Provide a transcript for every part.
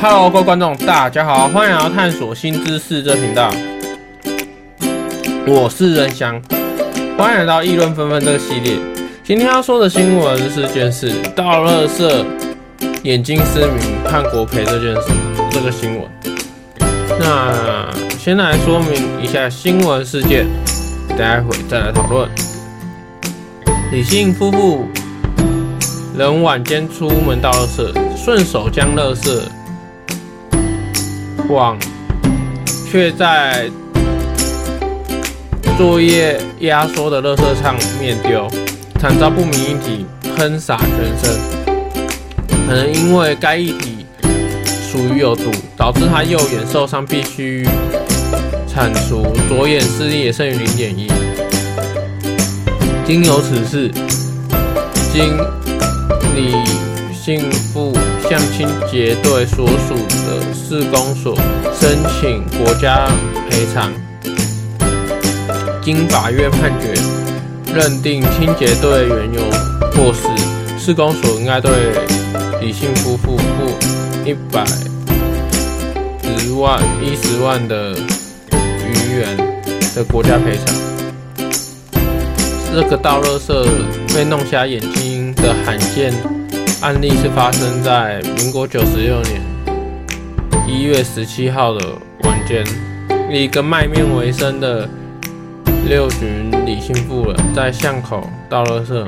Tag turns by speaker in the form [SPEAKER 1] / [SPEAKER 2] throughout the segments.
[SPEAKER 1] 哈嘍各位觀眾，大家好，歡迎來到探索新知識這頻道。我是任翔，歡迎來到議論紛紛這個系列。今天要說的新聞是件事件是倒垃圾，眼睛失明判國賠這件事，這個新聞。那先來說明一下新聞事件，待會再來討論。李姓夫婦人晚間出門倒垃圾，順手將垃圾。往，卻在作業壓縮的垃圾上面丟，慘遭不明液體噴灑全身。可能因為該液體屬於有毒，導致他右眼受傷，必須鏟除，左眼視力也剩餘零點一。經由此事，經李姓婦。向清潔隊所屬的市公所申請國家賠償。經法院判決，認定清潔隊員有過失，市公所應該對李姓夫婦付一百十萬一十萬的餘元的國家賠償。這個倒垃圾被弄瞎眼睛的罕見，案例是發生在民國九十六年一月十七號的晚間，一個賣麵為生的六旬李姓婦人，在巷口倒垃圾，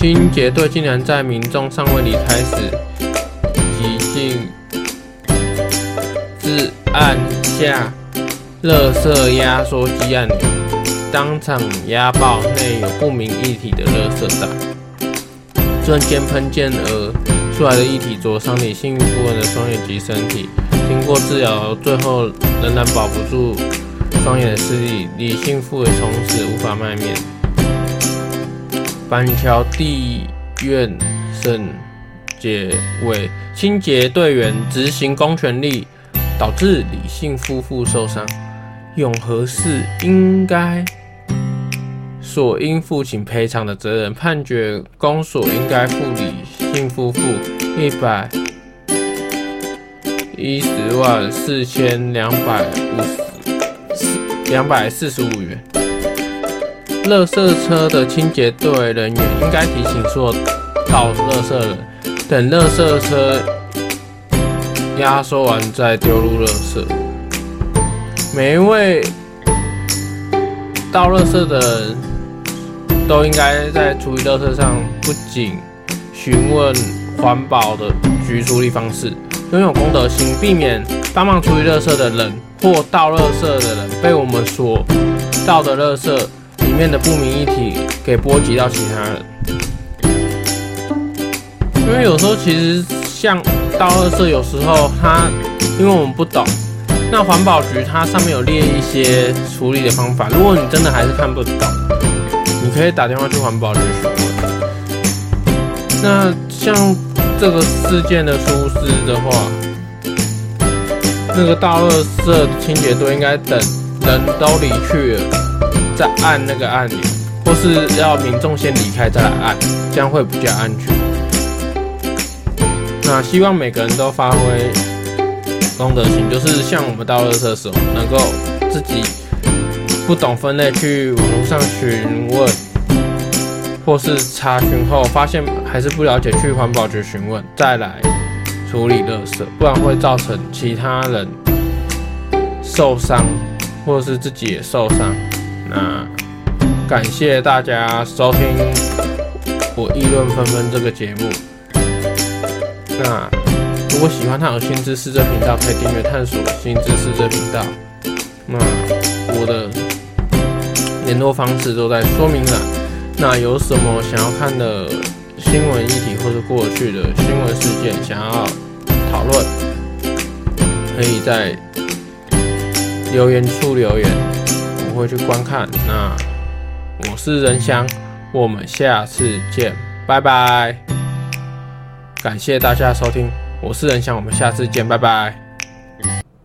[SPEAKER 1] 清潔隊竟然在民眾尚未離開時，即逕自按下垃圾壓縮機按鈕，當場壓爆內有不明液體的垃圾袋。瞬間噴濺而出來的液體灼傷李姓婦人的雙眼及身體，經過治療，最後仍然保不住雙眼的視力。李姓婦人從此無法賣麵。板橋地院審結尾，清潔隊員執行公權力，導致李姓夫婦受傷。永和市應該。所應負起賠償的責任，判決公所應該付李姓夫婦一百一十萬四千兩百五十兩百四十五元。垃圾車的清潔隊人員應該提醒說倒垃圾人，等垃圾車壓縮完再丟入垃圾。每一位倒垃圾的人，都應該在處理垃圾上，不僅詢問環保的局處理方式，擁有公德心，避免幫忙處理垃圾的人或倒垃圾的人被我們所倒的垃圾裡面的不明液體給波及到其他人。因為有時候其實像倒垃圾，有時候他因為我們不懂，那環保局它上面有列一些處理的方法，如果你真的還是看不懂。可以打電話去環保局詢問。那像這個事件的處置的話，那個倒垃圾清潔隊應該等人都離去，再按那個按鈕，或是要民眾先離開再來按，將會比較安全。那希望每個人都發揮公德心，就是像我們倒垃圾的時候能夠自己不懂分類，去網絡上詢問。或是查詢後發現還是不了解，去環保局詢問再來處理垃圾，不然會造成其他人受傷，或是自己也受傷。那感謝大家收聽我議論紛紛這個節目。那如果喜歡探索新知識這頻道，可以訂閱探索新知識這頻道。那我的聯絡方式都在說明欄。那有什麼想要看的新聞議題，或是過去的新聞事件想要討論，可以在留言處留言，我會去觀看。那我是仁翔，我們下次見，拜拜。感謝大家收聽，我是仁翔，我們下次見，拜拜。